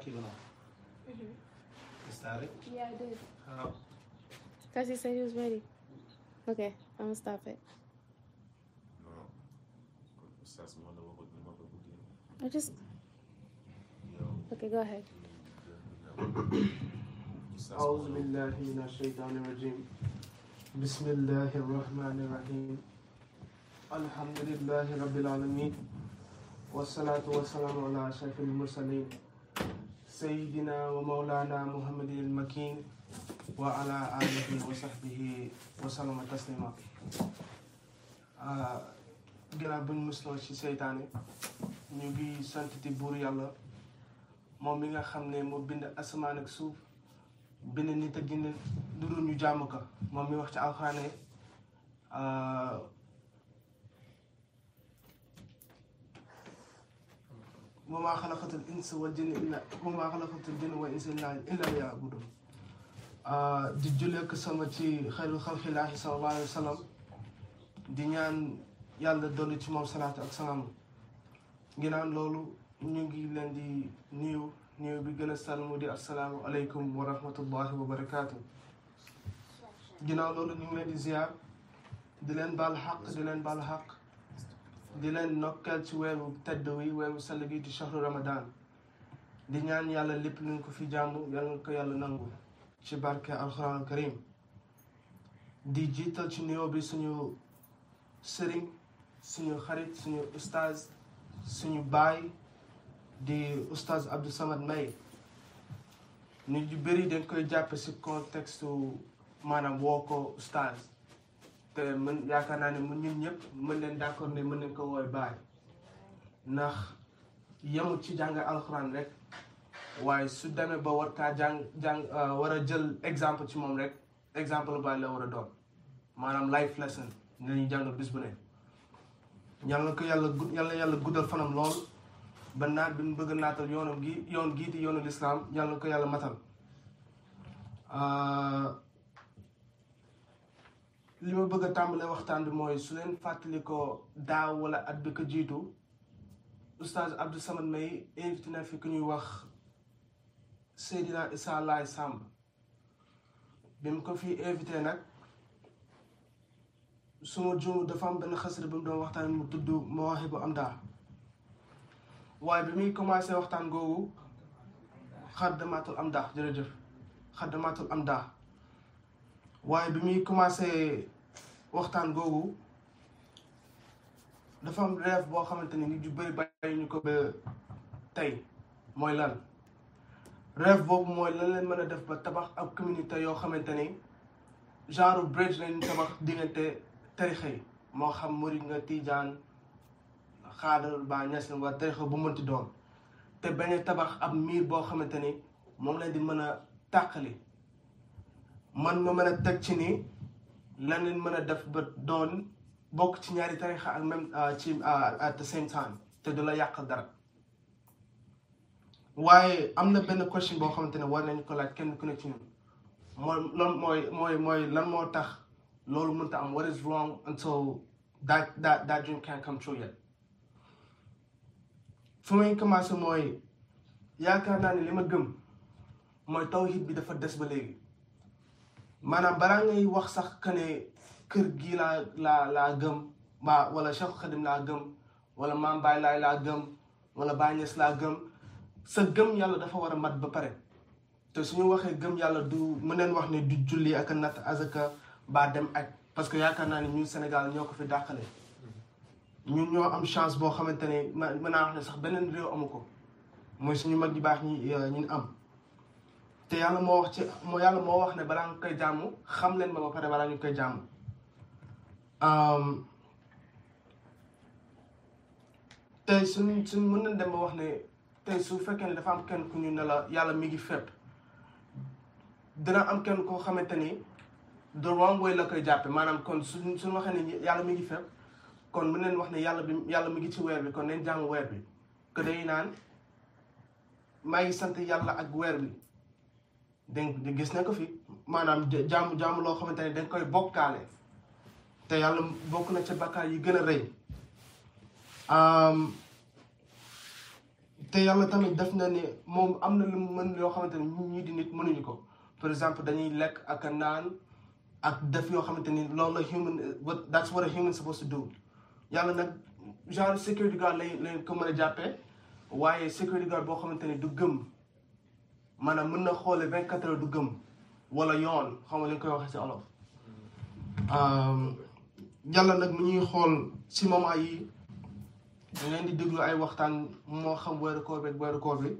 lucky Luna. Mm-hmm. Is that it? Yeah, I did. How? Because he said he was ready. Okay, I'm gonna stop it. No. I just. Okay, go ahead. أعوذ بالله من الشيطان الرجيم بسم الله الرحمن الرحيم الحمد لله رب العالمين والصلاة والسلام على أشرف المرسلين سيدنا ومولانا محمد المكين وعلى آله وصحبه وسلم تسليما ginnaaw buñ musloo ci seytaane ñu ngi sant di buur yàlla moom mi nga xam ne moo bind asamaan ak suuf bind nit ak jinne lu dul ñu jaamu ko moom mi wax ci alxaane wa maa xalaqatul insa wal jinna illa wa maa xalaqatul jinna wal insa illa liya'budun ah, di julleek sama ci xayrul xalqilaahi sallallahu alayhi wa sallam di ñaan yàlla dolli ci moom salaatu ak salaam ginnaaw loolu ñu ngi leen di nuyu nuyu bi gën a sàll mu di asalaamu aleykum wa rahmatullahi wa barakaatu. ginnaaw loolu ñu ngi leen di ziar di leen baal xaq di leen baal xaq. di leen ndokkeel ci weeru tedd wi weeru sell bi di shahru ramadan di ñaan yàlla lépp luñ ko fi jàmm yal ko yàlla nangu ci barke alxuraan karim di jiital ci nuyoo bi suñu sëriñ suñu xarit suñu ustaz suñu baay di ustaz Abdou Samad May nit ñu bëri dañ koy jàppe ci contexte maanaam woo ko ustaz te mën yaakaar naa ne mën ñun ñëpp mën leen d'accord ni mën nañ ko wooy baay ndax yemul ci jàng alxuraan rek waaye su demee ba war kaa jàng jàng euh, war a jël exemple ci moom rek exemple baay la war a doon maanaam life lesson nañu jàngal bis bu ne yàlla ko yàlla gu yàlla yàlla guddal fanam lool ba naat bi mu bëgg naatal yoonam gi yoon gii di yoonu lislaam yàlla ko yàlla matal euh, li ma bëgg a tàmbalee waxtaan bi mooy su leen fàttali ko daaw wala at bi ko jiitu oustaz Abdou Samad May invité na fi ku ñuy wax Seydina Issa Laye Samb bi mu ko fi invité nag su ma juum dafa am benn xasida bi mu doon waxtaan mu tudd Mawaahibu Amdaa waaye bi muy commencé waxtaan googu xaddamaatul amdaa jërëjëf xaddamaatul amdaa waaye bi muy commencé waxtaan googu dafa am rêve boo xamante ni nit ju bëri bàyyi ñu ko ba tey mooy lan rêve boobu mooy lan leen mën a def ba tabax ak communité yoo xamante ni genre bridge lañu tabax diggante tarixa yi moo xam murid nga tijaan xaadar ba ñes nga tarixa bu mënti doon te bañ tabax ab miir boo xamante ni moom lañ di mën a tàqali man ma man a teg ci nii lan leen mën a def ba doon bokk ci ñaari tarixa ak même euh, ci at the same time te du la yàqal dara waaye am na benn question boo xamante ne war nañ ko laaj kenn ku ne ci ñun mooy loolu mooy mooy mooy lan moo tax loolu mënta am what is wrong until that that that dream can't come true yet fu may commencé mooy yaakaar naa ni li ma gëm mooy tawhid bi dafa des ba léegi maanaam balaa ngay wax sax que ne kër gii laa laa gëm mbaa wala Cheikh Khadim laa gëm wala Maam Baay Laay laa gëm wala baa Ñas laa gëm sax gëm yàlla dafa war a mat ba pare te su suñu waxee gëm yàlla du mën neen wax ne du julli ak a natt azaka baa dem ak parce que yaakaar naa ni ñun Sénégal ñoo ko fi dàqale ñu ñoo am chance boo xamante ne mën naa wax ne sax beneen réew amu ko mooy suñu mag ji baax ñi euh, ñu am te yàlla moo wax ci moo yàlla moo wax ne balaa nga koy jàmm xam leen ma ba pare ñu koy jàmm tey su suñ mën nañ dem wax ne tey su fekkee ne dafa am kenn ku ñu ne la yàlla mi ngi fépp dina am kenn koo xamante ni the wrong way la koy jàppe maanaam kon suñ suñ waxee ne yàlla mi ngi fépp kon mu neen wax ne yàlla bi yàlla mi ngi ci weer bi kon nañ jàng weer bi que day naan maa ngi sant yàlla ak weer bi dégg gis na ko fi maanaam jaamu jaamu loo xamante ne dañ koy bokkaale te yàlla bokk na ci bakkaar yi gën a rëy te yàlla tamit def na ne moom am na lu mën yoo xamante ne ñun ñii di nit mënuñu ko par exemple dañuy lekk ak naan ak def yoo xamante ni loolu la human that's what a human supposed to do yàlla nag genre security guard lay lay ko a jàppee waaye security guard boo xamante ne du gëm. maanaam mën na xoole vingt quatre du gëm wala yoon xam nga li koy waxee ci olof euh, yàlla nag mu ñuy xool ci moment yi ñu leen di déglu ay waxtaan moo xam weeru koor bi bi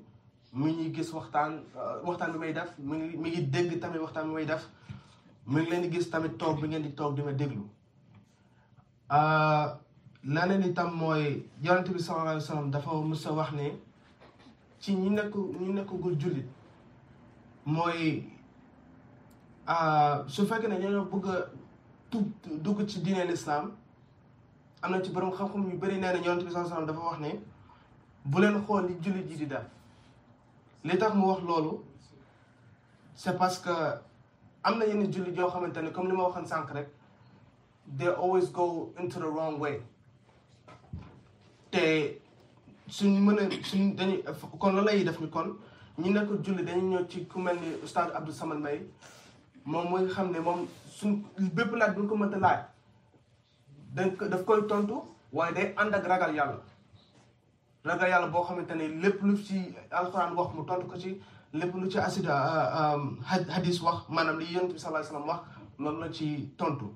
mi ñuy gis waxtaan euh, waxtaan bi may def mi ngi mi ngi dégg tamit waxtaan bi may def mu ngi leen di gis tamit toog bi ngeen di toog di ma déglu euh, leneen itam mooy yonent bi sallallahu alayhi wa sallam dafa mës a wax ne ci ñu nekk ñi nekkagul jullit mooy ah, su fekkee ne ñoo bëgg a tub dugg ci diine lislaam am na ci borom xam-xam yu bëri nee na yonent bi sallallahu dafa wax ne bu leen xool li jullit ji di def li tax mu wax loolu c'est parce que am na yenn jullit joo xamante ne comme li ma waxoon sànq rek they always go into the wrong way te suñ mën a suñ dañuy kon la lay def ni kon ñu ne ko julli dañu ñëw ci ku mel ni oustaz Abdou Samad Mbaye moom mooy xam ne moom suñ bépp laaj bu ñu ko mënta laaj dañ ko daf koy tontu waaye day ànd ak ragal yàlla ragal yàlla boo xamante ne lépp lu ci alxuraan wax mu tontu ko ci lépp lu ci asida euh, euh, hadis wax maanaam li yonent bi sallallahu alayhi wasallam wax loolu la ci tontu.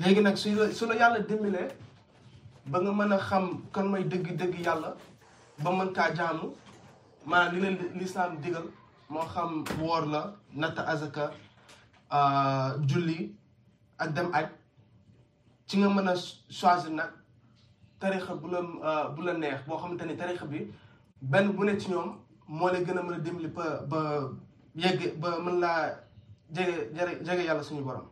léegi nag su su la yàlla dimbalee ba nga mën a xam kan mooy dëgg-dëgg yàlla. ba mën kaa jaamu maanaam li leen lislaam digal moo xam woor la natt azaka euh, julli ak dem aj ci nga mën a choisir nag tarix bu la euh, neex boo xamante ni tarixa bi benn bu ne ci ñoom moo lay gën a mën a dimbali ba ba yegg ba mën laa jege jege yàlla suñu borom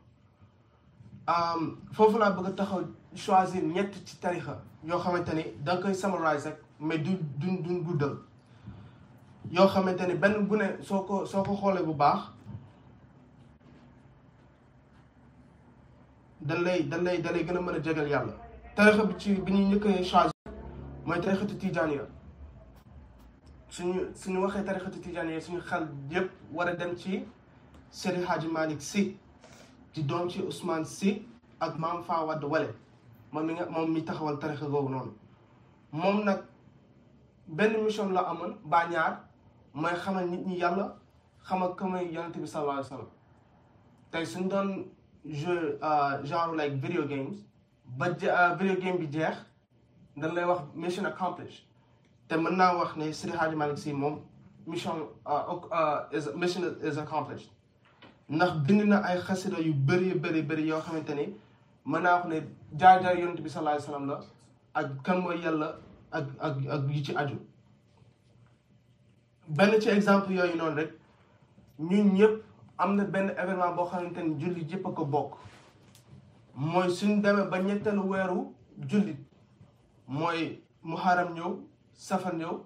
euh, foofu laa bëgg a taxaw choisir ñett ci tarixa yoo xamante ni da nga koy summarize rek mais duñ du duñ guddal yoo xamante ni benn bu ne soo ko soo ko xoolee bu baax dañ lay dañ lay gën a mën a jegal yàlla tarixa bi ci bi ñuy njëkk a changé mooy tarixatu tijaaniya suñu suñu waxee tarixatu tijaaniya suñu xel yëpp war a dem ci Seydi Hadji Malick Sy di doom ci Ousmane si ak Maam Faa Wadd Wale moom moom mi taxawal tarixa googu noonu moom nag benn mission la amoon ba ñaar mooy xamal nit ñi yàlla xamal ko may yonent bi sallallahu alayhi wa tey suñ doon jeu genre like video games ba euh, video game bi jeex dañ lay wax mission accomplished te mën naa wax ne Seydi Hadji Malick Sy moom mission euh, euh, mission is accomplished ndax bind na ay xasida yu bëri bëri bëri yoo xamante ni mën naa wax ne jaar-jaar yonent bi sallallahu alayhi la ak kan yàlla ak ak ak yi ci aju benn ci exemple yooyu noonu rek ñun ñëpp am na benn événement boo xamante ni jullit yëpp a ko bokk mooy suñ demee ba ñetteelu weeru jullit mooy muharam ñëw safar ñëw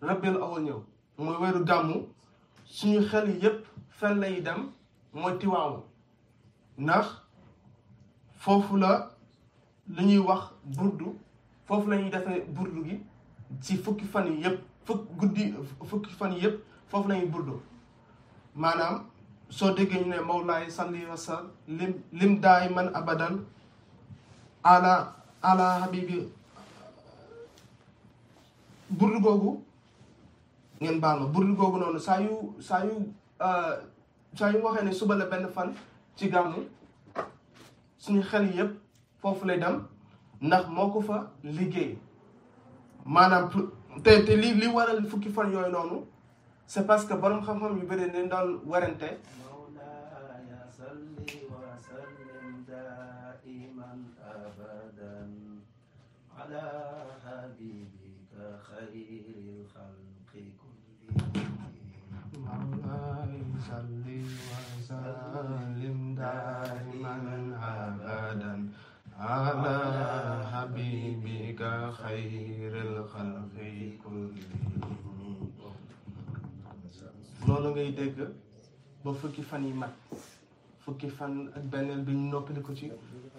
rabiul awal ñëw mooy weeru gàmmu suñu xel yëpp fen lay dem mooy tiwaawu ndax foofu la lu ñuy wax burdu foofu lañuy def defee burdu gi ci fukki fan yi yëpp fukk guddi fukki fan yi yëpp foofu la ñuy maanaam soo déggee ñu ne mawlaay salli wa sallim lim lim daay man abadan ala ala habibi burdu googu ngeen baal ma burdu googu noonu saa yu saa yu euh, saa yu waxee ne suba la benn fan ci gàmmu suñu xel yépp foofu lay dem ndax moo ko fa liggéey maanaam te li li waral fukki fan yooyu noonu c'est parce que borom xam-xam yu bëri dañ doon warante على ka xayril xalqi kullihim ngay dégg ba fukki fan yi mag fukki fan ak benneel bi ñu noppali ci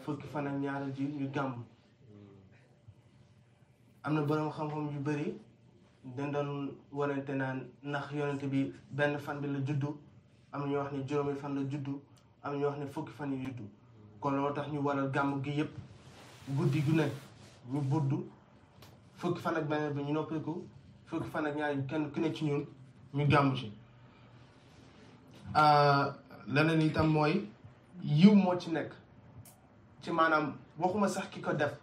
fukki fan ak ñaareel ji ñu gàmm am na boroom xam-xam yu bari dañ doon warante naan ndax yonent bi benn fan bi la juddu am ñu wax ni juróomi fan la juddu am ñu wax ni fukki fan yi juddu kon loolu tax ñu waral gàmm gi yëpp guddi gu nekk ñu budd fukki fan beneen bi ñu noppeeku fukki fan ak ñaar kenn ku ne ci ñun ñu gàmmu ci euh, leneen itam mooy yiw moo ci nekk ci maanaam waxuma sax ki ko def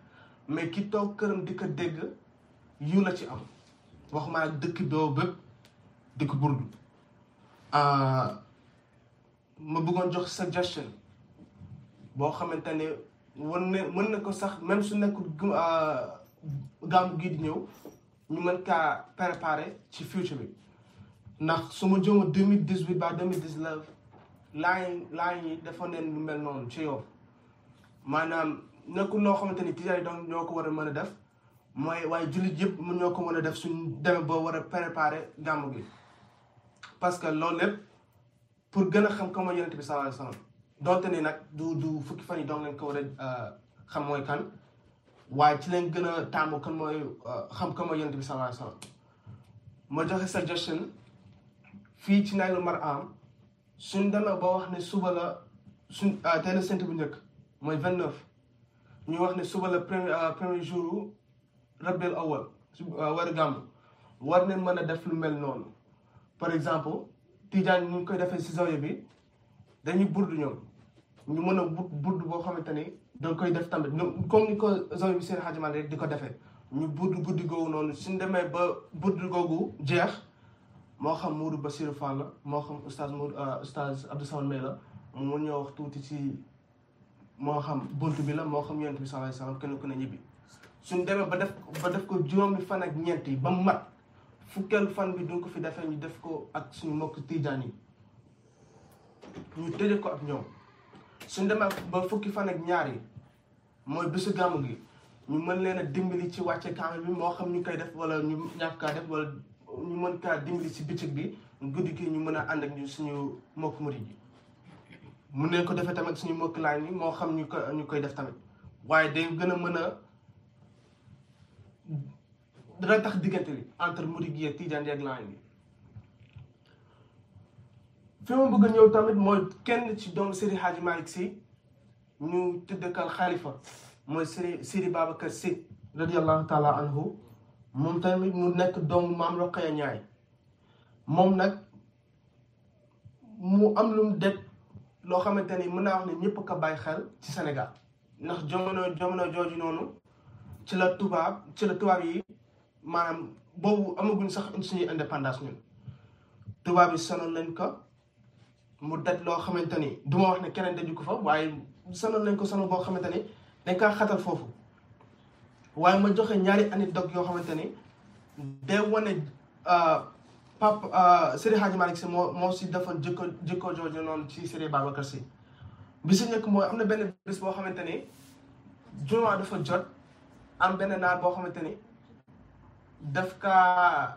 mais ki toog këram di ko dégg yiw la ci am waxuma ak dëkk boobu bépp di burdu euh, ma bëggoon jox suggestion boo xamante wan ne mën na ko sax même su nekkul ah, gàmmu gii di ñëw ñu mën kaa préparer ci future bi ndax su ma jëma 2018 ba 2019 laay laay yi dafa neen lu mel noonu ci yow maanaam nekkul loo xamante ni tijaan yi donc ñoo ko war a mën a def mooy waaye jullit yëpp mu ñoo ko mën a def suñ demee boo war a préparer gàmmu gi parce que loolu lépp pour gën a xam kama yonent bi sallallahu alayhi donte ne nag du du fukki fan yi dong lañ ko war euh, xam mooy kan waaye ci lañ gën a taamu kan mooy euh, xam kan mooy yonent bi sallallahu alayhi wasallam ma joxe suggestion fii ci Naylul Maram suñ dana ba wax ne suba la suñ euh, tey la sant bu njëkk mooy vingt neuf ñu wax ne suba la premier premier jour Rabiul Awwal war gàmmu war nañ mën a def lu mel noonu par exemple Tijaan ñu ngi koy defee si zawiya bi dañuy burdu ñoom ñu mën a but budd boo xamante ni da koy def tamit comme ni ko zone bi seen xajaman rek di ko defee ñu budd guddi googu noonu suñ demee ba but googu jeex moo xam Mourou Bassirou Fall la moo xam oustaz Mour euh, oustaz Abdou Samad May la mu ñoo wax tuuti ci moo xam bunt bi la moo xam yonent bi sallallahu alayhi wasallam kenn ku ne ñibbi suñ demee ba def ba def ko juróomi fan ak ñeent yi ba mat fukkeel fan bi duñ ko fi defee ñu def ko ak suñu mbokk tiijaan yi ñu tëje ko ak ñoom suñ demee ba fukki fan ak ñaar mooy bésu gàmm gi ñu mën leen a dimbali ci wàcce kaamil bi moo xam ñu koy def wala ñu ñàkk kaa def wala ñu mën kaa dimbali ci bëccëg bi guddi gi ñu mën a ànd ak ñu suñu mbokk murid yi mun nañ ko defee tamit suñu mbokk laaj yi moo xam ñu ko ñu koy def tamit waaye day gën a mën a dana tax diggante bi entre murid yi ak tijaan yeeg laaj bi fi ma bëgg ñëw tamit mooy kenn ci doomu Serigne Hadj Malick Sy ñu tëddakal xalifa mooy Serigne Serigne Babacar Sy radiallahu taala anhu moom tamit mu nekk doomu maam Rokhaya Ñaay moom nag mu am lu mu loo xamante ni mën naa wax ne ñëpp ko bàyyi xel ci senegal ndax jamono jamono jooju noonu ci la tubaab ci la tubaab yi maanaam boobu amaguñ sax suñuy indépendance ñun tubaab yi sonal nañ ko mu daj loo xamante ni du wax ne keneen daju ko fa waaye sonal nañ ko sonal boo xamante ni dañ kaa xatal foofu waaye ma joxe ñaari anecdote yoo xamante ni day wane euh, Pape euh, Serigne Hadji Malick Sy moo moo si defoon jikko jikko jooju noonu ci Serigne Babacar Sy bi si nekk mooy am na benn bés boo xamante ni jumaa dafa jot am benn naar boo xamante ni daf kaa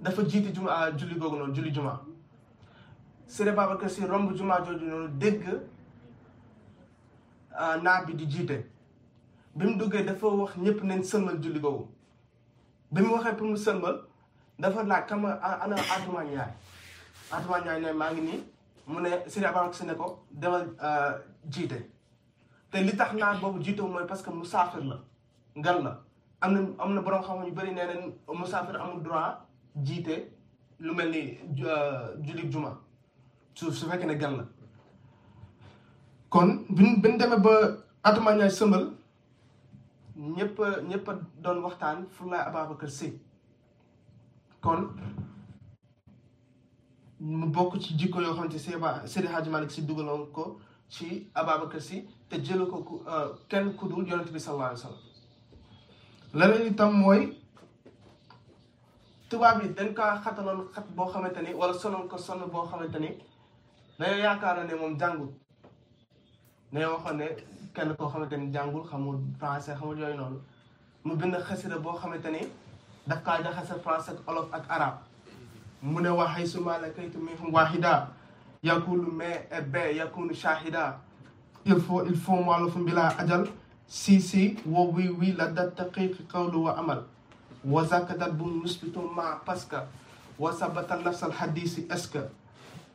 dafa jiiti juma julli googu noonu julli jumaa Sëriñ Babacar Si romb jumaa jooju noonu dégg ah, naar bi di jiite bi mu duggee dafa wax ñépp ne sëlmal julli googu bi mu waxee pour mu sëlmal dafa laaj kama ah, ana Atouma Ndiaye Atouma Ndiaye ne maa ngi nii mu ne Sëriñ Babacar Si ne ko demal ah, jiite te li tax naar boobu jiite mooy parce que musaafir la ngal la am na am na borom xam ñu bari bëri nee mu musaafir amul droit jiite lu mel ni julli juma. su su fekkee ne gan la kon biñ biñ demee ba Atouma Niang sëmbal ñëpp doon waxtaan Fulay Ababacar Seye kon mu bokk ci jikko yoo xamante Seba Seydi Hadji Malick si dugaloon ko ci Ababacar si te jële ko euh, kenn ku dul yonent bi sallallahu alayhi wa sallam itam mooy tubaab yi dañ kaa xataloon xat boo xamante ni wala sonoon ko sonn boo xamante ni dañoo yaakaaroon ne moom jàngul ne waxoon ne kenn koo xamante ni jàngul xamul français mu bind xasida boo xamante ni daf kaa jaxase français ak arab mu ne waxay sumaale kaytu minhum wahida yakulu mais e be yakunu shahida il faut il faut muallafun bila ajal si si wa wi la dat taqiqi qawlu wa amal wa zakadat bu musbitu ma parce que wa sabata nafsal hadisi est-ce que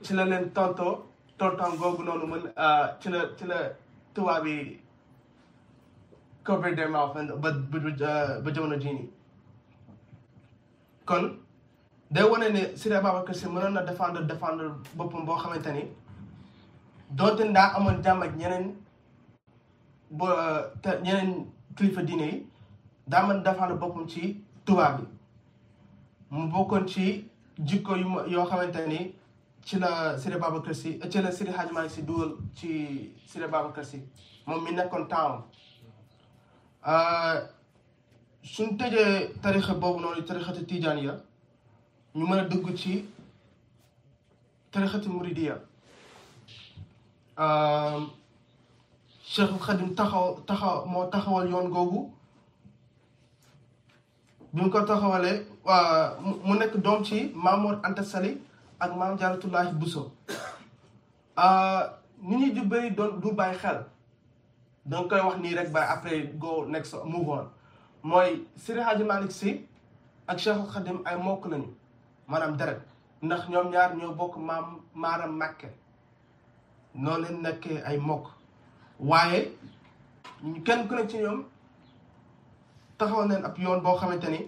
ci la leen tontoo tonton googu noonu mën ah, ci la ci la tubaab yi cover their mouth ba ah, ba jamono jii nii kon day wane ne Seydi Ababacar Sy mënoon na défendre défendre boppam boo xamante ni doonte ndaa amoon jàmm ak ñeneen bo ah, te ñeneen kilifa daa mën défendre boppam ci tubaab bi mu bokkoon ci jikko yoo xamante ni ci la Seydi Babacar Sy ci la Seydi Hadji Malick Sy dugal ci Seydi Babacar Sy moom mi nekkoon temps euh, suñ tëjee tarixa boobu noonu tarixati tijaan ya ñu mën a dugg ci tarixati muridiya euh, Cheikh Khadim taxaw taxaw moo taxawal yoon googu bi mu ko taxawalee waa mu nekk doom ci Mamour Anta Sali ak maam Jaaratullaahi Buso ah, nit ñi di bari doon du bàyyi xel danga koy wax nii rek ba après go next move on mooy Seydi Hadji Malick Sy ak Cheikh Khadim ay mbokk lañu maanaam deret ndax ñoom ñaar ñoo bokk maam maaram Màkke noo leen nekkee ay mbokk waaye kenn ku ne ci ñoom taxawal neen ab yoon boo xamante ni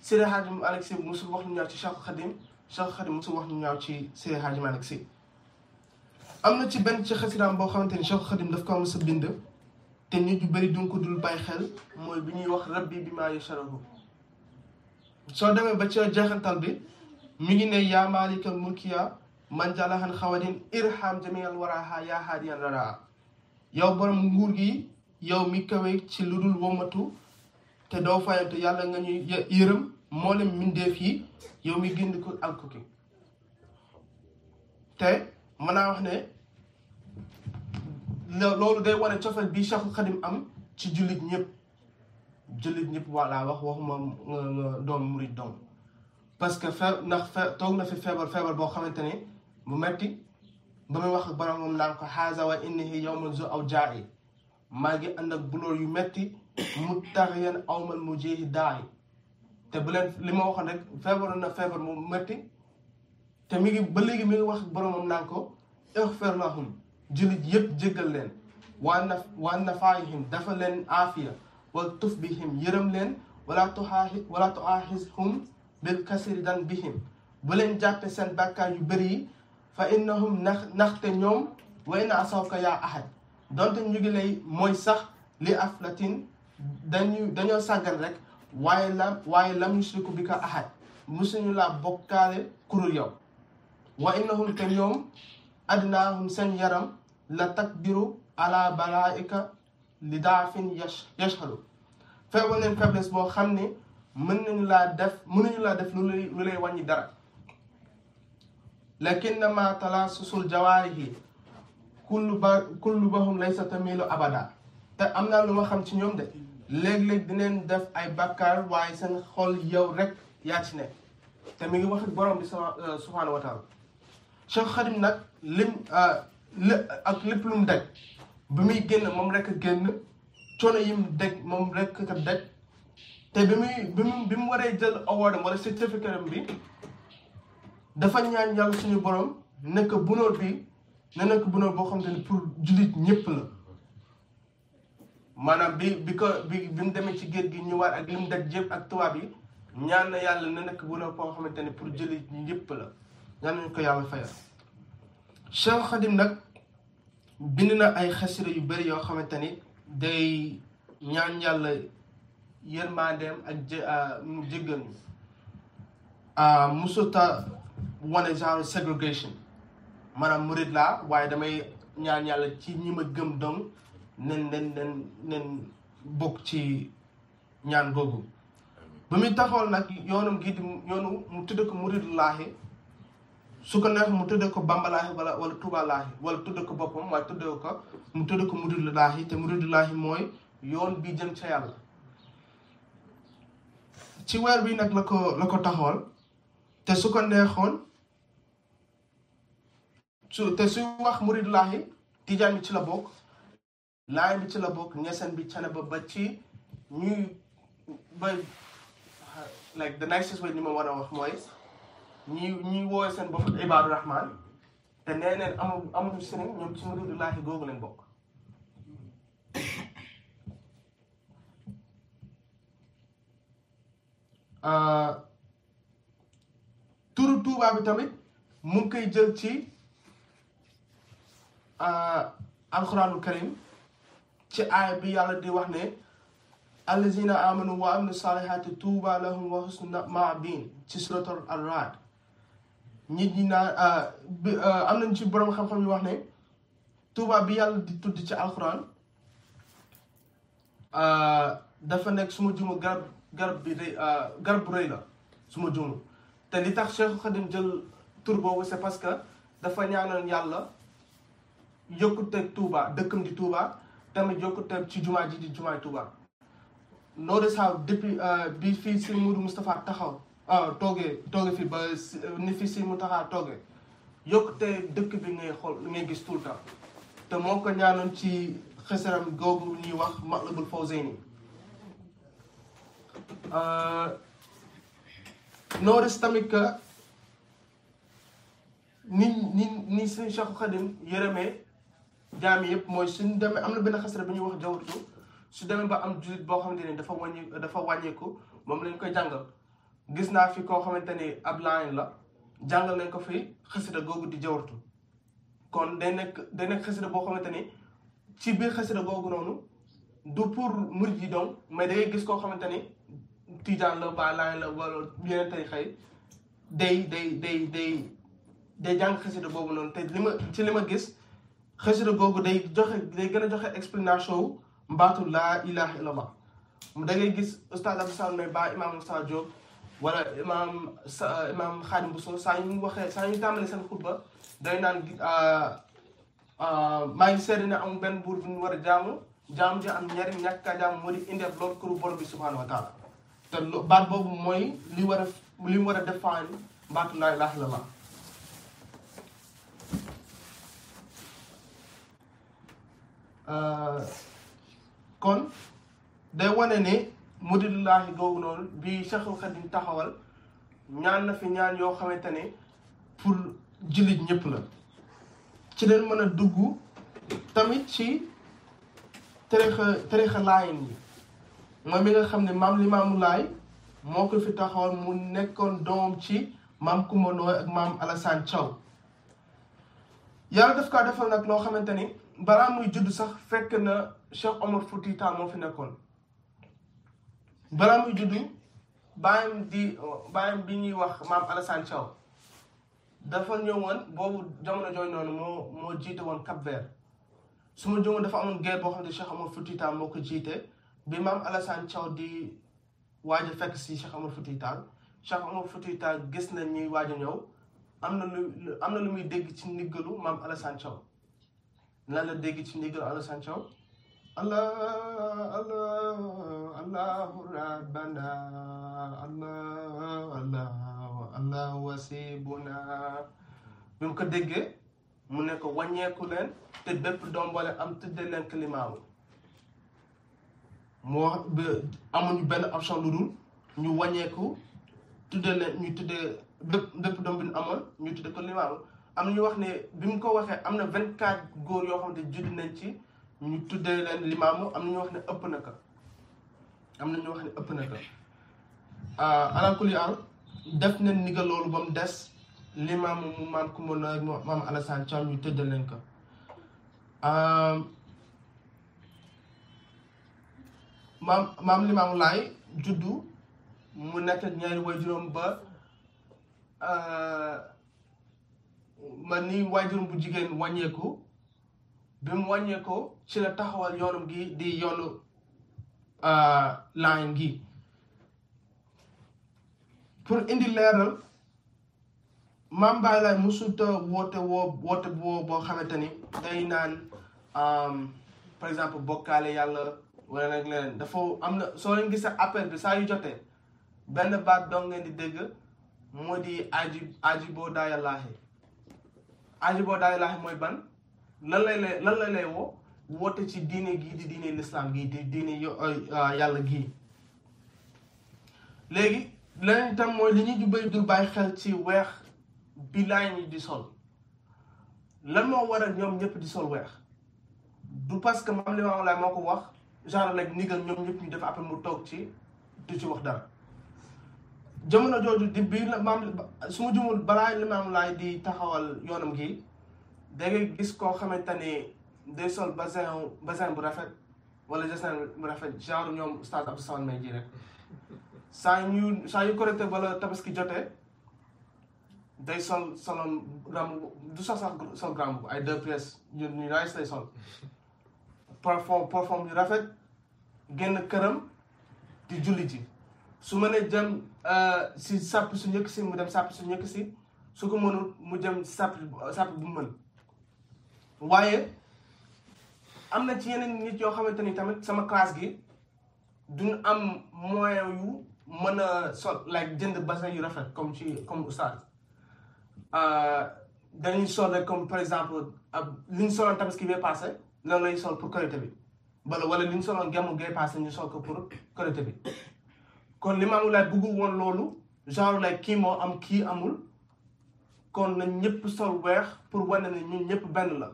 Seydi Hadji Malick Sy musul wax lu ñaar ci Cheikh Khadim Cheikh Khadim mosul ci Seydi Hadji na ci benn ci boo xamante ni Cheikh Khadim daf ko am bind te nit yu bëri du bàyyi xel mooy bi ñuy wax rabbi bi maa yasharahu soo demee ba ca jeexantal bi mi ngi ne yaa maalikal mulkiya man jalahan xawadin irham jamial waraha yaa haadiyan yow borom nguur gi yow mi kawe ci lu dul womatu te doo fayante yàlla nga ñuy yërëm mboolem mbindeef ki yow mi génn ko alkuki te mën naa wax ne loolu day wane cofeel bi Cheikhul Khadim am ci jullit ñëpp jullit ñëpp walla wax waxuma nga doon doom parce que feeb ndax fe toog na fi feebar feebar boo xamante ne mu metti ba muy wax bara borom moom naan ko xaaza wa innihi yawman zu aw jaa'i maa gi ànd ak bulóor yu metti mu tax yeen awmal mu jeexi daay te bu leen li ma waxoon rek feebaroon na feebar mu metti te mi ngi ba léegi mi ngi wax boromam naan ko ixfir lahum jullit yëpp jéggal leen waa na waa nafaayihim dafa leen aafiya wal tuf bihim yërëm leen wala tuaaxi wala tuaahishum bil kasiri dan bihim bu leen jàppe seen bàkkaar yu bëri yi fa innahum nax naxte ñoom wa in asawka yaa ahad donte ñu ngi lay mooy sax li aflatin dañu dañoo sàggan rek waaye lam waaye lam yushriku bika ahad musuñu laa bokkaale kurul yow wa innahum te ñoom adnaahum seen yaram la takbiru ala balaika li daafin yash yashhalu feebar leen faiblesse boo xam ne mën nañu laa def mënuñu laa def lu lay lu lay wàññi dara lakinnama talaasusul jawaarihi kullu ba kullu bahum laysa tamilu abada te am naa lu ma xam ci ñoom de léeg-léeg dineen def ay bàkkaar waaye seen xol yow rek yaa ci nekk te mi ngi wax ak borom bi euh, subhaanahu wa taala Cheikh Khadim nag lim euh, ak lépp lu mu daj bi muy génn moom rek a génn coono yi mu moom rek ka te bi muy bi mu bi mu waree jël awardam wala certificat bi dafa ñaan yàlla suñu borom nekk bunóor bi ne nekk bunóor boo xam te ne pour jullit ñëpp la maanaam bi bi ko bi bi mu demee ci géej gi ñëwaat ak lim daj yëpp ak tubaab yi ñaan yàlla na nekk bu na koo xamante ne pour jëli ñëpp la ñaan ko yàlla fayal Cheikh Khadim nag bind na ay xasida yu bëri yoo xamante ni day ñaan yàlla yërmandeem ak ah, mu jéggal ñu ah, musuta maanaam murid laa waaye damay ñaan yàlla ci ñi ma gëm dong nan nan nan bokk ci ñaan googu ba muy taxawal nag yoonam gii di yoonu mu tudde ko murid laahi su ko neex mu tudde ko bamba laahi wala wala tuba laahi wala tudde ko boppam waaye tudde ko mu tudde ko murid laahi te murid laahi mooy yoon bi jëm ca yàlla ci weer bi nag la ko la ko taxawal te su ko neexoon su te suy wax murid laahi tijaan bi ci la bokk laay bi ci la bokk ñeseen bi cana ba ba ci ñuy ba like the nicest way ni ma war a wax mooy ñi ñuy woowe seen bopp ibaadu rahmaan te nee neen amul amul sëriñ ñoom ci muridu laahi googu leen bokk euh, turu tuubaa bi tamit mu ngi koy jël ci euh, alxuraanul karim ci aay bi yàlla di wax ne allazina amanu wa amilu salihati tuuba lahum wa husna maabin ci suratul ar-ra'd nit ñi naa ah, ah, am nañ ci boroom xam-xam yi wax ne tuuba bi yàlla di tudd ci alquran ah, dafa nekk suma juma garab garab bi day garab bu rëy la suma juma te li tax Cheikh Khadim jël tur parce que dafa ñaanoon yàlla yokkute tuuba dëkkam di tuuba tamit yokkute ci jumaa ji di jumaay Tuuba notice how depuis euh, bi fi si Moudou Moustapha taxaw euh, toogee tooge fi ba euh, ni fi si mu taxaa tooge yokkute dëkk bi ngay xool ngay gis tout le te moo ko ñaanoon ci xesaram googu ñuy wax Matlabul Fawzayni notice tamit que ni ni ni suñu Cheikh Khadim jaam yëpp mooy suñ demee am na benn xasara bi ñuy wax jawritu su demee ba am jullit boo xamante ne dafa wàññi dafa wàññeeku moom lañ koy jàngal gis naa fi koo xamante ni ab laayin la jàngal nañ ko fi xasida googu di jawritu kon day nekk day nekk xasida boo xamante ni ci biir xasida googu noonu du pour murid yi donc mais da gis koo xamante ni tijaan la ba laayin la wala yeneen tey xëy day day day day day jàng xasida boobu noonu te li ma ci li ma gis xasida googu day joxe day gën a joxe explanation wu mbaatu laa ilaha illallah mu da ngay gis ustaz Abdou Salam Mbaye ba imaam Moussa Diop wala imaam imaam Khadim Bousso saa ñu waxee saa ñu seen xutba day naan ah, ah, maa ngi seede ne am benn buur bu ñu war a jaamu jaamu ji am ñari ñàkk jaamu moo di indeeb loolu këru borom bi subhaanahu wa taala baat boobu mooy li war li mu war a défendre mbaatu laa ilaha illallah Euh, kon day wane ne muridullaahi googu noonu bi Cheikhul Khadim taxawal ñaan na fi ñaan yoo xamante ne pour jullit ñëpp la ci leen mën a dugg tamit ci tarixa tarixa laayin yi moom mi nga xam ne maam Limaamu Laay moo ko fi taxawal mu nekkoon doom ci maam Kumba Nooy ak maam Alassane Thiaw yàlla daf kaa defal nag loo xamante ni balaa muy judd sax fekk na Cheikh Omar Fouti moo fi nekkoon balaa muy judd baayam di baayam bi ñuy wax maam Alassane Thiaw dafa ñëwoon boobu jamono jooju moo moo jiite woon Cap Vert su ma jëmoon dafa amoon guerre boo xam ne Cheikh Omar Fouti moo ko jiite bi maam Alassane Thiaw di waaj a fekk si Cheikh Omar Fouti Tall Cheikh Omar gis nañ ñuy waaj a ñëw am na lu am na lu muy dégg ci ndiggalu maam Alassane Thiaw naan la dégg ci ndigal Alassane Thiaw allah allah allahu rabbana allah allah allah wasibuna bi mu ko déggee mu ne ko wàññeeku leen te bépp dombale am tëdde leen climat moo wax amuñu benn option lu dul ñu wàññeeku tudde leen ñu tudde bépp bépp doom bi ñu amoon ñu tudde ko limaamu am ñu wax ne bi mu ko waxee am na vingt quatre góor yoo xam ne judd nañ ci ñu tuddee leen limaamu am na ñu wax ne ëpp na ko am na ñu wax ne ëpp na ko ah, alakuli al def na ndigal loolu ba mu des limaamu mu maam Kumba Ndoye maam Alassane Thiam ñu tëddal leen ko ah, maam limaamu laay juddu mu nekk ñaari waajuram ba ah, man ni waajurum bu jigéen wàññeeku bi mu wàññeekoo ci la taxawal yoonum gi di yoonu euh, Laayeen ngi pour indi leeral Maam Baay Laay musuta woote woo woote woo boo xamante ni tey naan euh, par exemple bokkaale yàlla wala nag leneen dafa am na soo leen gisee appel bi saa yu jotee benn baat dong ngeen di dégg moo di aji aji boo daaya ajiboo daal di laaj mooy ban lan lay lay lan lay lay woo woote ci diine gii di diine lislaam gii di diine yàlla gii léegi leneen itam mooy li ñuy jubay dul bàyyi xel ci weex bi laay ñi di sol lan moo waral ñoom ñëpp di sol weex du parce que maam li ma moo ko wax genre nag nigal ñoom ñëpp ñu def après mu toog ci du ci wax dara jamono jooju di bii la maam su ma jumul balaa limaam laay di taxawal yoonam gi da gis koo xamante ni day sol basin basin bu rafet wala jasin bu rafet genre ñoom stade Abdou Samane may ji rek saa yu saa yu korité wala tabaski day sol solon gram du sax sol gram bu ay deux pièces ñu ñu rice lay sol parfum parfum rafet génn këram di julli ji su ma ne Euh, si sàpp su njëkk si mu dem sàpp su njëkk si su ko mënul mu jëm sàpp sàpp bu mën waaye am na ci yeneen nit yoo xamante ni tamit sama classe gi duñu am moyen yu mën a sol like jënd bassin yu rafet comme ci comme oustaz euh, dañuy sol rek comme par exemple li ñu soloon tabaski bee passé loolu lay sol pour Korité bi bala wala li ñu soloon gàmmu gee passé ñu sol ko pour Korité bi kon Limaamu Laay bëggu woon loolu genre like kii moo am kii amul kon nañ ñëpp sol weex pour wane ne ñu ñëpp benn la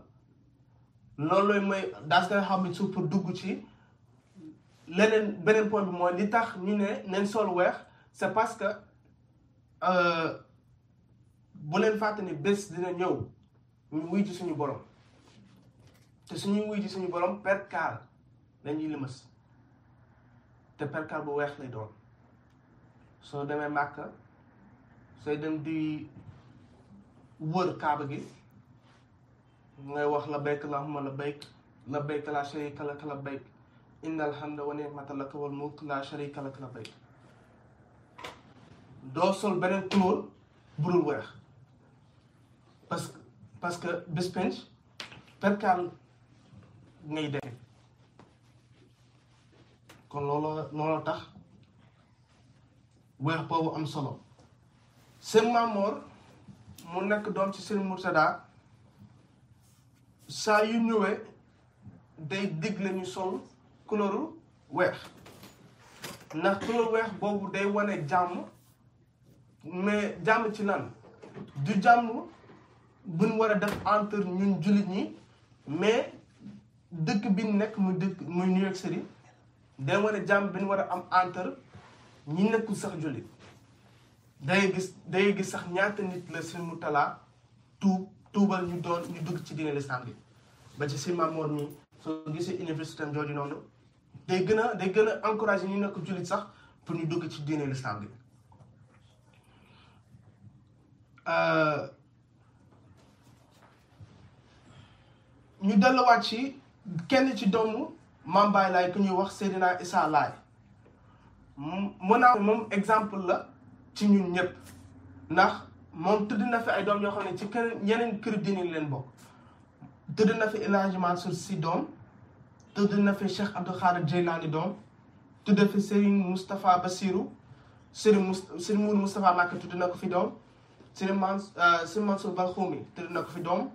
loolu mooy daas nga xam ne su pour dugg ci leneen beneen point bi mooy li tax ñu ne neen sol weex c'est parce que euh, bu leen fàtte ni bés dina ñëw ñu wuy suñu borom te suñu wuy ji suñu borom perkaal dañuy limas te perkaal bu weex lay doon soo demee Màkka sooy dem di wër kaaba gi ngay wax la allahumma labbayk labbayk laa sharika laka labbayk inna alhamda wa ni'mata laka wal mulk laa sharika laka labbayk doo sol beneen couleur bu dul weex parce que parce que bés ngay def kon loolu loolu tax weex boobu am solo sëñ Mamoor mu nekk doom ci sëñ Murtada saa yu ñëwee day digle ñu sol couleur weex ndax couleur weex boobu day wane jàmm mais jàmm ci lan du jàmm buñ war a def entre ñun jullit ñi mais dëkk bi nekk muy dëkk muy New York City day wane jàmm bi ñu war a am entre ñi nekkul sax jullit day gis day gis sax ñaata nit la seen mu talaa tuub tuubal ñu doon ñu dugg ci diine lislaam bi ba ci seen Mamoor mi soo gisee université am noonu day gën a day gën a encouragé ñi nekk jullit sax pour ñu dugg ci diine lislaam bi euh, ñu delluwaat ci kenn ci doomu Maam Baay Laay ku ñuy wax Seydina naa Laay mun naa moom exemple la ci ñun ñëpp ndax moom tëdd na fi ay doom yoo xam ne ci kër ñeneen kër diine leen bokk tëdd na fi El Hadj Mansour Sy doom tëdd na fi Cheikh Abdou Khadir Jeylaani doom tëdd fi Serigne Moustapha Bassirou Serigne Serigne Mour Moustapha Mbacké tëdd na ko fi doom Serigne Man euh, Serigne Mansour Balxumi tëdd na ko fi doom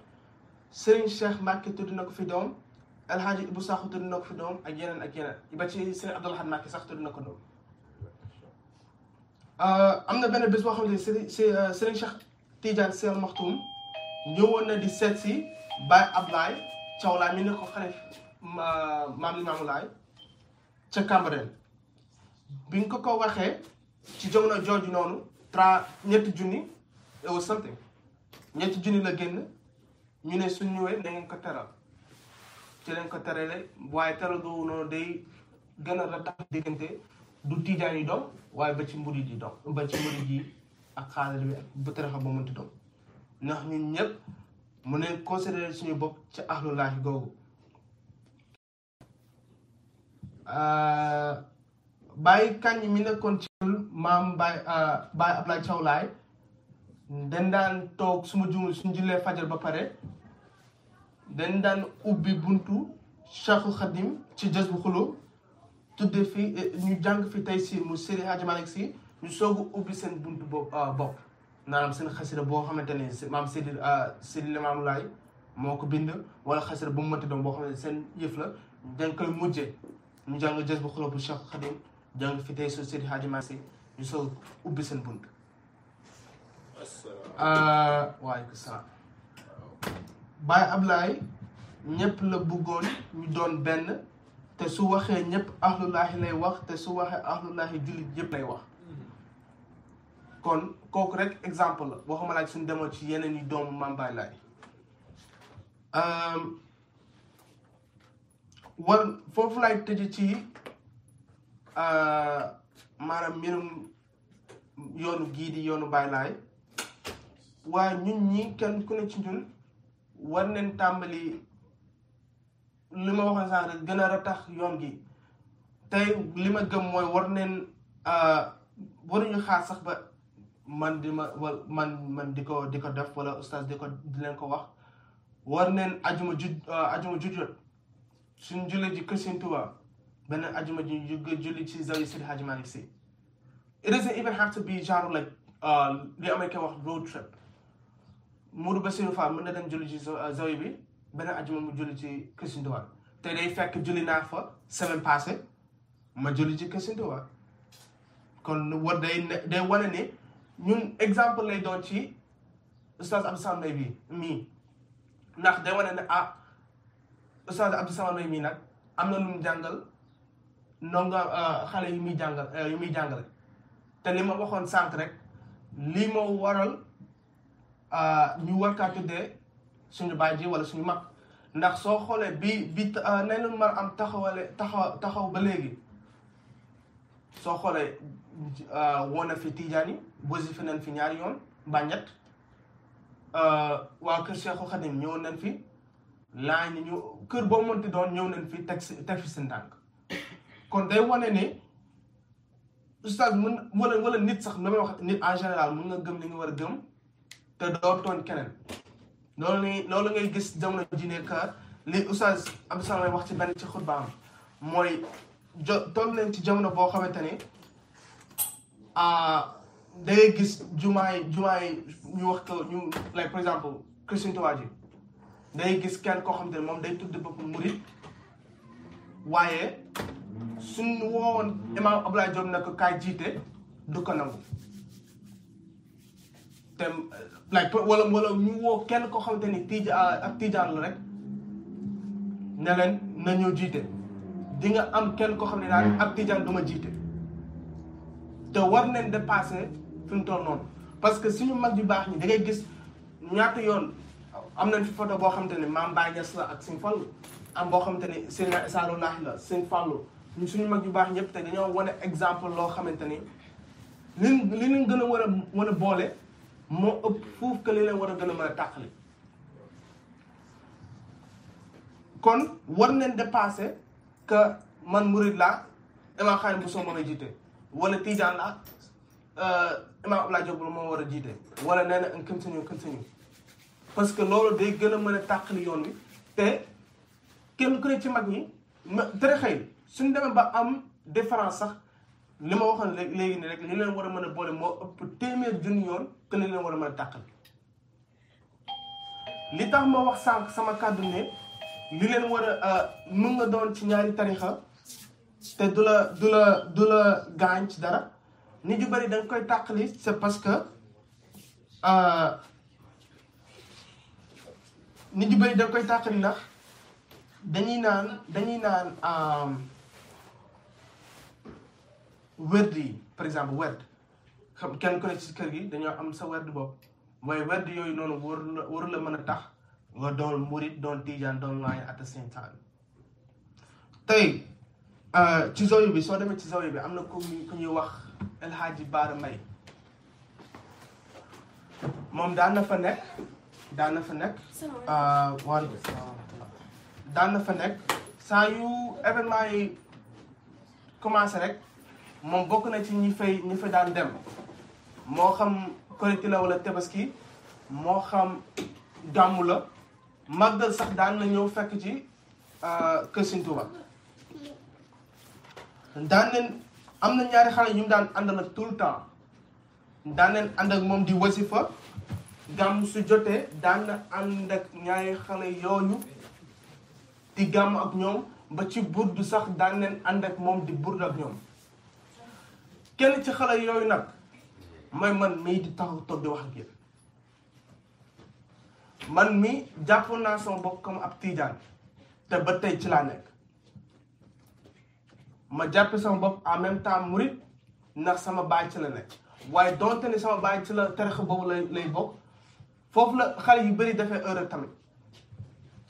Serigne Cheikh Mbacké tëdd na ko fi doom El Hadj Ibou Sakho tëdd na ko fi doom ak yeneen ak yeneen ba ci Serigne Abdou Lahad Mbacké sax tëdd na ko doom Euh, am na benn bés boo xam ne Serigne euh, Serigne Cheikh Tidiane Seel ñëwoon na di seet si ba Ablaye Thiaw Laye ñu ne ko xale maam li maamu laay ca Cambérène bi nga ko ko waxee ci jamono jooju noonu tra ñetti junni yow junni la génn ñu ne suñ ñëwee da ko teral ci lañ ko terale waaye teral boobu noonu day gën a ratax diggante du tiijaan yi dong waaye ba ci murid yi dong ba ci murid yi ak xaalis bi ak bu tarixa ba mënti dong ndax ñun ñëpp mu ne considéré suñu bopp ci ahlu laahi googu euh, bàyyi kàññ mi nekkoon ci maam baay euh, baay Ablaye Thiaw Laay dañ daan toog suma jumul suñu jullee fajar ba pare dañ daan ubbi buntu Cheikh Khadim ci jës bu xulóo tuddee fi eh, ñu jàng fi tey si mu Seydi Hadji Malick ñu soog a ubbi seen buntu bo ah, bopp maanaam seen xasida boo xamante ne maam Seydi ah, Seydi Limaamu moo ko bind wala xasida bu mu mënti doon boo xam seen yëf la dañ koy mujjee ñu jàng jës bu xolo bu Cheikh Khadim jàng fi tey si Seydi Hadji Malick ñu soog a ubbi seen bunt ah, waaleykum salaam Baye la bëggoon ñu doon benn te su waxee ñëpp ahlullaahi lay wax te su waxee ahlullaahi jullit yëpp lay wax kon kooku rek exemple la waxuma laaj suñ demoon ci yeneen yi doomu mambaay laay euh, war foofu laay tëj ci euh, maanaam mbirum yoonu gii di yoonu baay laay waaye ñun ñi kenn ku ne ci ñun war neen tàmbali li ma waxoon sax rek gën a ratax yoon gi tey li ma mooy war neen euh, waruñu xaar sax ba man di ma wala man man di ko di ko def wala oustaz di ko di ko wax war neen ajuma ju euh, ajuma ju jot suñ julli ji kër Sëñ Tuubaa benn ajuma ji ñu julli ci zawi Seydi Hadji Malick Sy it doesn't even have to be genre like euh, li amee wax road trip Modou Bassirou Fall mën na dem julli ci zawi bi beneen ajuma mu julli ci Christendouar te day fekk julli naa fa semaine passée ma julli ci Christendouar kon war day day wane ne ñun exemple lay doon ci oustaz Abdou Samad Mbaye bi mii ndax day wane ne ah oustaz mii nag am na lu mu jàngal ndongo euh, xale yu muy jàngal euh, yu muy jàngale te li ma waxoon sànq rek lii moo waral euh, ñu war kaa tuddee suñu baay ji wala suñu mag ndax soo xoolee bi bi euh, nenul mar am taxawale taxaw taxaw ba léegi soo xoolee euh, woon na fi tijaan yi wasifa nañ fi ñaari yoon ba ñett euh, waa kër Seexu Xadim ñëw nañ fi laa ñi ñu kër boo mënti doon ñëw nañ fi teg teg fi seen kon day wane ni oustaz mën wala wala nit sax na may wax nit en général mën nga gëm li nga war a gëm te doo tooñ keneen noonu ni loolu ngay gis jamono ji nekk li oustaz Abdou Salam wax ci benn ci xutbaam mooy jo toll leen ci jamono boo xamante ne ah, da ngay gis jumaay jumaay ñu wax ko ñu like par exemple Christian Touadji da gis kenn koo xamante ne moom day tudd boppam murit waaye suñ woowoon imaam Abdoulaye Diop ne ko kaay jiite du ko nangu tem like wala wala ñu woo kenn koo xamante ni tiija ah, ak tiijaan la rek ne leen na ñëw jiite di nga am kenn koo xam ne daal ak tiijaan du ma jiite te war nañ dépasser fi mu toll noonu parce que suñu mag yu baax ñi da ngay gis ñaata yoon am nañ fi photo boo xamante ne maam Baay Ñas la ak Sëñ Fallu am boo xamante ne Seydina Issa Rohou Laye ñu suñu mag yu baax ñëpp te dañoo wane exemple loo xamante ni li li ñu gën a war a mën a boole moo ëpp fuuf que li leen war a gën a mën a tàqali kon war nañ dépasser que man murid laa imaam Xaadim bu soo mën a jiite wala tiijaan laa euh, imaam Abdoulaye Diop moo war a jiite wala nee na këm sañu këm parce que loolu day gën a mën a tàqali yoon wi te kenn ku ne ci mag ñi ma tere suñ suñu demee ba am différence sax li ma waxoon léegi nii rek li leen war a mën a boole moo ëpp téeméer junni yoon te li leen war a mën a tàqal li tax ma wax sànq sama kàddu ne li leen war a euh, mun nga doon ci ñaari tarixa te du la du la gaañ ci dara nit yu bari da nga koy tàqali c'est parce que euh, nit yu bëri da nga koy tàqali ndax dañuy naan dañuy naan euh, werd yi par exemple werd xam kenn ku ne ci kër gi dañoo am sa werd bopp mooy werd yooyu noonu waru la waru la mën a tax nga doon murit doon tijaan doon laay ata sensaan tey euh, ci zawiya bi soo demee ci zawiya bi am na ku ku ñuy wax El Hadji Baara May moom daan na fa nekk daan na fa nekk waaleykum salaam euh, daan na fa nekk saa yu événement yi commencé rek moom bokk na ci ñi fay ñi fa daan dem moo xam korite la wala tabaski moo xam gàmmu la màggal sax daan na ñëw fekk ci euh, kër Sëñ Tuuba daan leen am na ñaari xale ñu daan àndal ak tout le temps daan leen ànd ak moom di wasifa gàmm su jotee daan na ànd ak ñaari xale yooyu di gàmm ak ñoom ba ci du sax daan leen ànd ak moom di burdu ak ñoom kenn ci xale yooyu nag mooy man mii di taxaw toog di wax ak man mi jàpp naa sama bopp comme ab tiijaan te ba tey ci laa nekk ma jàppe sama bopp en même temps murit ndax sama baay ci la nekk waaye donte ni sama baay ci la terex boobu lay lay foofu la xale yu bëri defee heure tamit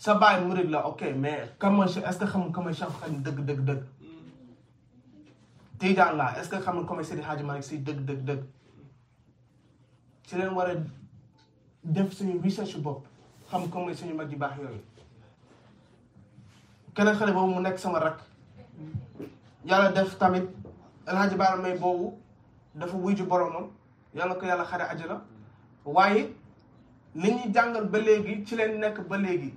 sa baay murit la ok mais kama est-ce que xam kama Cheikh Khadim dëgg dëgg dëgg tiijaan laa est-ce que xam nga comme Seydi Hadji Malick Sy dëgg dëgg dëgg leen war a def suñu recherche bopp xam comme suñu mag ji baax yooyu keneen xale boobu mu nekk sama rak yàlla def tamit El Hadji Bara Mbaye boobu dafa wuyu boromam yàlla ko yàlla xare àjjana waaye li ñuy jàngal ba léegi ci leen nekk ba léegi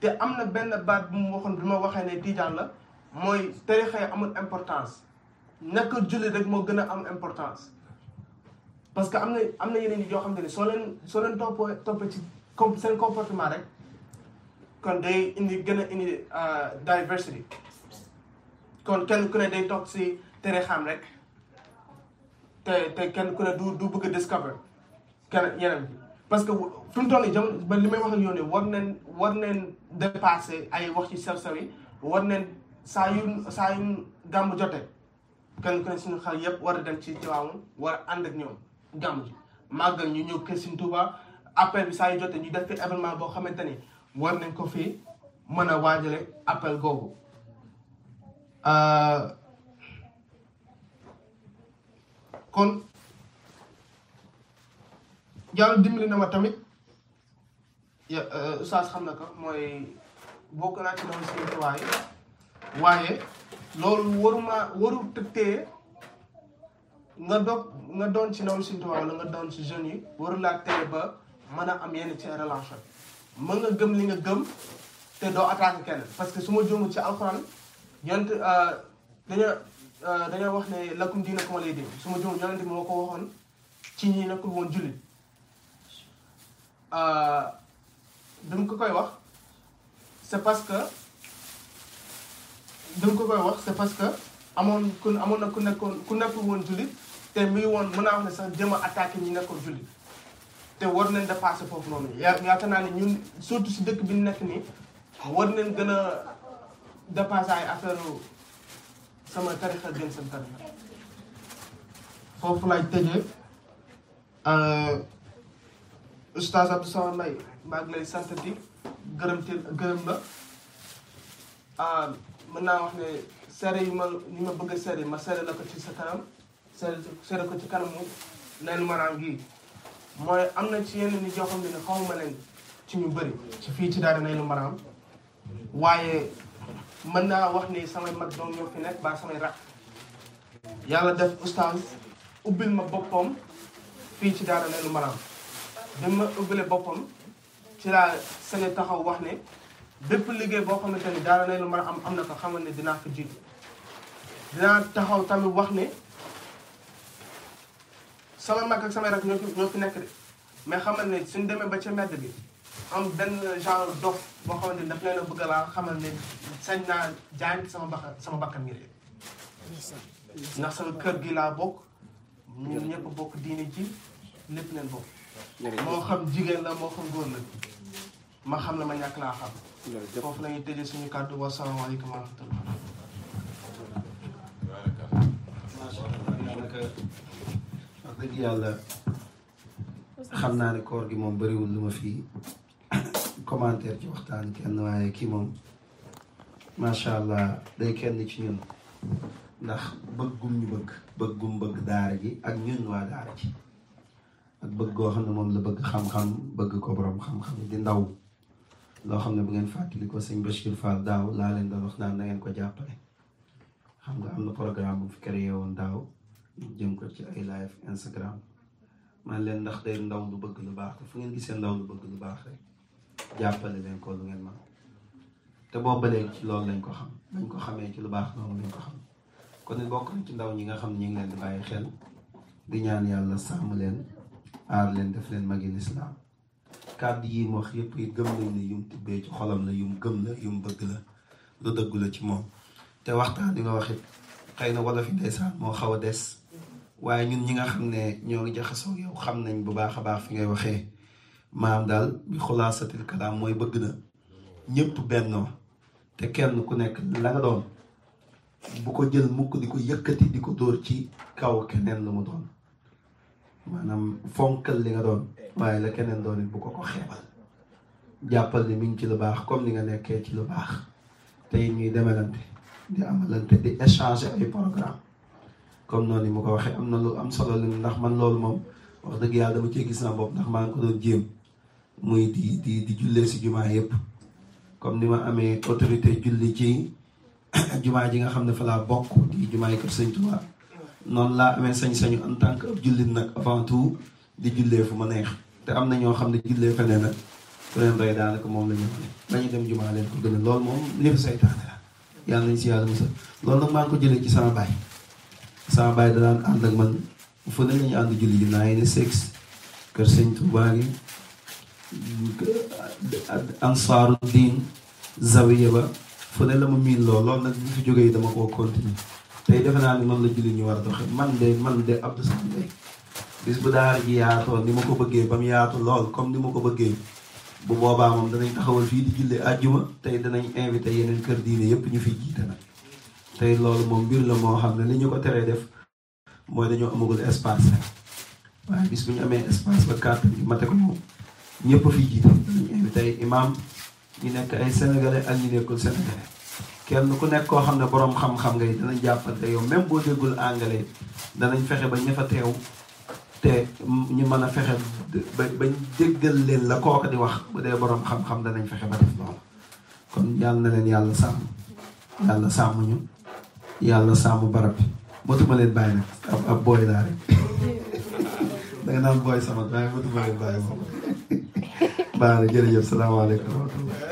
te am na benn baat bu mu waxee ne tiijaan la mooy tarixa amul importance naka julli rek moo gën a am importance parce que am na am na yeneen yi yoo xam ne soo leen soo leen toppoo toppee ci seen comportement rek kon day indi gën a indi euh, diversity kon kenn ku ne day toog tere xam rek te te kenn ku ne du du bëgg a discover kenn yeneen bi parce que fi mu toll nii ba li may wax ak yow ne war neen war ay wax ci sew sew war neen saa yu saa yu gàmmu jotee kenn ku ne suñu xel yëpp war a dem ci Tiwaawan war a ànd ak ñoom gàmm ji màggal ñu ñëw kër Sëriñ Tuubaa appel bi saa yu jotee ñu def fi événement boo xamante ni war nañ ko fii mën a waajale appel googu euh, kon yàlla dimbali na ma tamit euh, Oustaz xam na ko mooy bokk naa ci loolu Sëriñ waaye loolu waruma warut tëye nga doog nga doon ci ndaw Sëriñ Tuubaa wala nga doon ci jeunes yi waru laa teye ba mën a am yenn ci relation mën nga gëm li nga gëm te doo attaqué kenn parce que su ma juumul ci alxuraan yonent dañoo euh, dañoo euh, wax ne lakum diinakum waliya diin su ma juumul yonent bi moo ko waxoon ci ñi nekkul woon jullit euh, bi mu ko koy wax c'est parce que da ko koy wax c'est parce que amoon ku amoon na ku nekkoon ku nekkul woon jullit te mi ngi woon mën naa wax ne sax jëm a attaqué ñi jullit te war nañ dépassé foofu noonu yaakaar naa ne ñun surtout si dëkk bi ñu nekk nii war nañ gën a dépassé ay affaire sama tarixa gën seen tarixa foofu laay tëjee euh, oustaz Abdou Samad Mbaye lay sant di gërëm la euh, mën naa wax ne sere yu ma ñu ma bëgg a sere ma sere la ko ci sa kanam sere sere ko ci kanam kanamu leen maraam gi mooy am na ci yenn nit yoo xam ne ne ci ñu bari ci fii ci daara leen maraam waaye mën naa wax ni samay mat doom ñoo fi nekk ba samay rak yàlla def oustaz ubbil ma boppam fii ci daara leen maraam bi ma ubbile boppam ci laa sañ taxaw wax ne bépp liggéey boo xamante ni daana na lu man am am na ko xamal ne dinaa ko jiitu dinaa taxaw tamit wax ne sama mag ak samay rak ñoo fi nekk de mais xamal ne suñ demee ba ci medd bi am benn genre dof boo xamante ni daf leen laa xamal ne sañ naa jaay sama bakkan sama bakkan ngir ndax sama kër gi laa bokk ñu ñëpp bokk diine ji lépp leen bokk moo xam jigéen la moo xam góor la ma xam ne ma ñàkk laa xam jërëjëf foofu la ñuy tëjee suñu kàddu wa salaamaaleykum wa rahmatulah. macha yàlla xam naa ne koor gi moom bëriwul lu ma fii commentaire ci waxtaan kenn waaye kii moom macha allah day kenn ci ñun ndax bëggum ñu bëgg bëggum bëgg daara ji ak ñun waa daara ji ak bëgg goo xam ne moom la bëgg xam-xam bëgg ko borom xam-xam di ndaw. loo xam ne bu ngeen fàttali ko sëñ Bachir Fall daaw laa leen doon wax naan na ngeen ko jàppale xam nga am na programme bu fi créé woon daaw jëm ko ci ay live Instagram man leen ndax day ndaw lu bëgg lu baax te fu ngeen gisee ndaw lu bëgg lu baax rek jàppale leen ko lu ngeen mën te boo ba ci lool lañ ko xam lañ ko xamee ci lu baax loolu lañ ko xam kon it bokk na ci ndaw ñi nga xam ne ñu ngi leen di bàyyi xel di ñaan yàlla sàmm leen aar leen def leen magi lislaam kàdd yi mu wax yëpp it gëm nañ ne yum tibbee ci xolam la yum gëm la yum bëgg la lu dëggula ci moom te waxtaan bi nga wax it xëy na wala fi moo xaw a des waaye ñun ñi nga xam ne ñoo ngi jaxasoo yow xam nañ bu baax a baax fi ngay waxee maam daal bi xulaasatil kalaam mooy bëgg na ñëpp bennoo te kenn ku nekk la nga doon bu ko jël mukk di ko yëkkati di ko dóor ci kaw keneen lu mu doon maanaam fonkal li nga doon waaye la keneen doon bu ko ko xeebal jàppal ni mi ngi ci lu baax comme ni nga nekkee ci lu baax tey ñuy demelante di amalante di échanger ay programme comme noonu mu ko waxee am na lu am solo li ndax man loolu moom wax dëgg yàlla dama cee gis naa bopp ndax maa ngi ko doon jéem muy di di di jullee si jumaa yëpp comme ni ma amee autorité julli ci jumaa ji nga xam ne fa laa bokk di jumaa yi kër sëñ Tuubaa noonu laa amee sañ-sañu en tant que ab jullit nag avant tout di jullee fu ma neex te am na ñoo xam ne jullee feneen nag moom la ñu dem jumaa leen ko gën loolu moom lépp saytaane si yàlla musal loolu maa ngi ko jëlee ci sama baay sama baay da daan ànd ak man fu ne la ñu ànd julli ji naa ne sexe kër sëñ Tuubaa gi ansaaru diin zawiya ba fu ne la ma miin lool loolu nag bu jógee dama koo continuer tey defe naa ne noonu la jullit ñu war a doxe man de man de Abdou Samb bis bu daara ji yaatoo ni ma ko bëggee ba mu yaatu lool comme ni ma ko bëggee bu boobaa moom danañ taxawal fii di julli àjjuma tey danañ invité yeneen kër diine yëpp ñu fiy jiite nag tey loolu moom mbir la moo xam ne li ñu ko teree def mooy dañoo amagul espace rek waaye bis bu ñu amee espace ba carte bi mate ko moom ñëpp fiy jiite danañ invité ay imam ñu nekk ay sénégalais ak ñu nekkul kenn ku nekk koo xam ne boroom xam-xam ngay danañ jàppante yow même boo déggul anglais danañ fexe ba ña fa teew te ñu mën a fexe ba bañ déggal leen la kooka di wax bu dee boroom xam-xam danañ fexe ba def loolu kon yàlla na leen yàlla sàmm yàlla sàmm ñu yàlla sàmm barab bi motuma leen bàyyi nag ab ab booy laa rek danga naan booy sama waaye motuma leen bàyyi moom baax na jërëjëf salaamaaleykum wa rahmatulah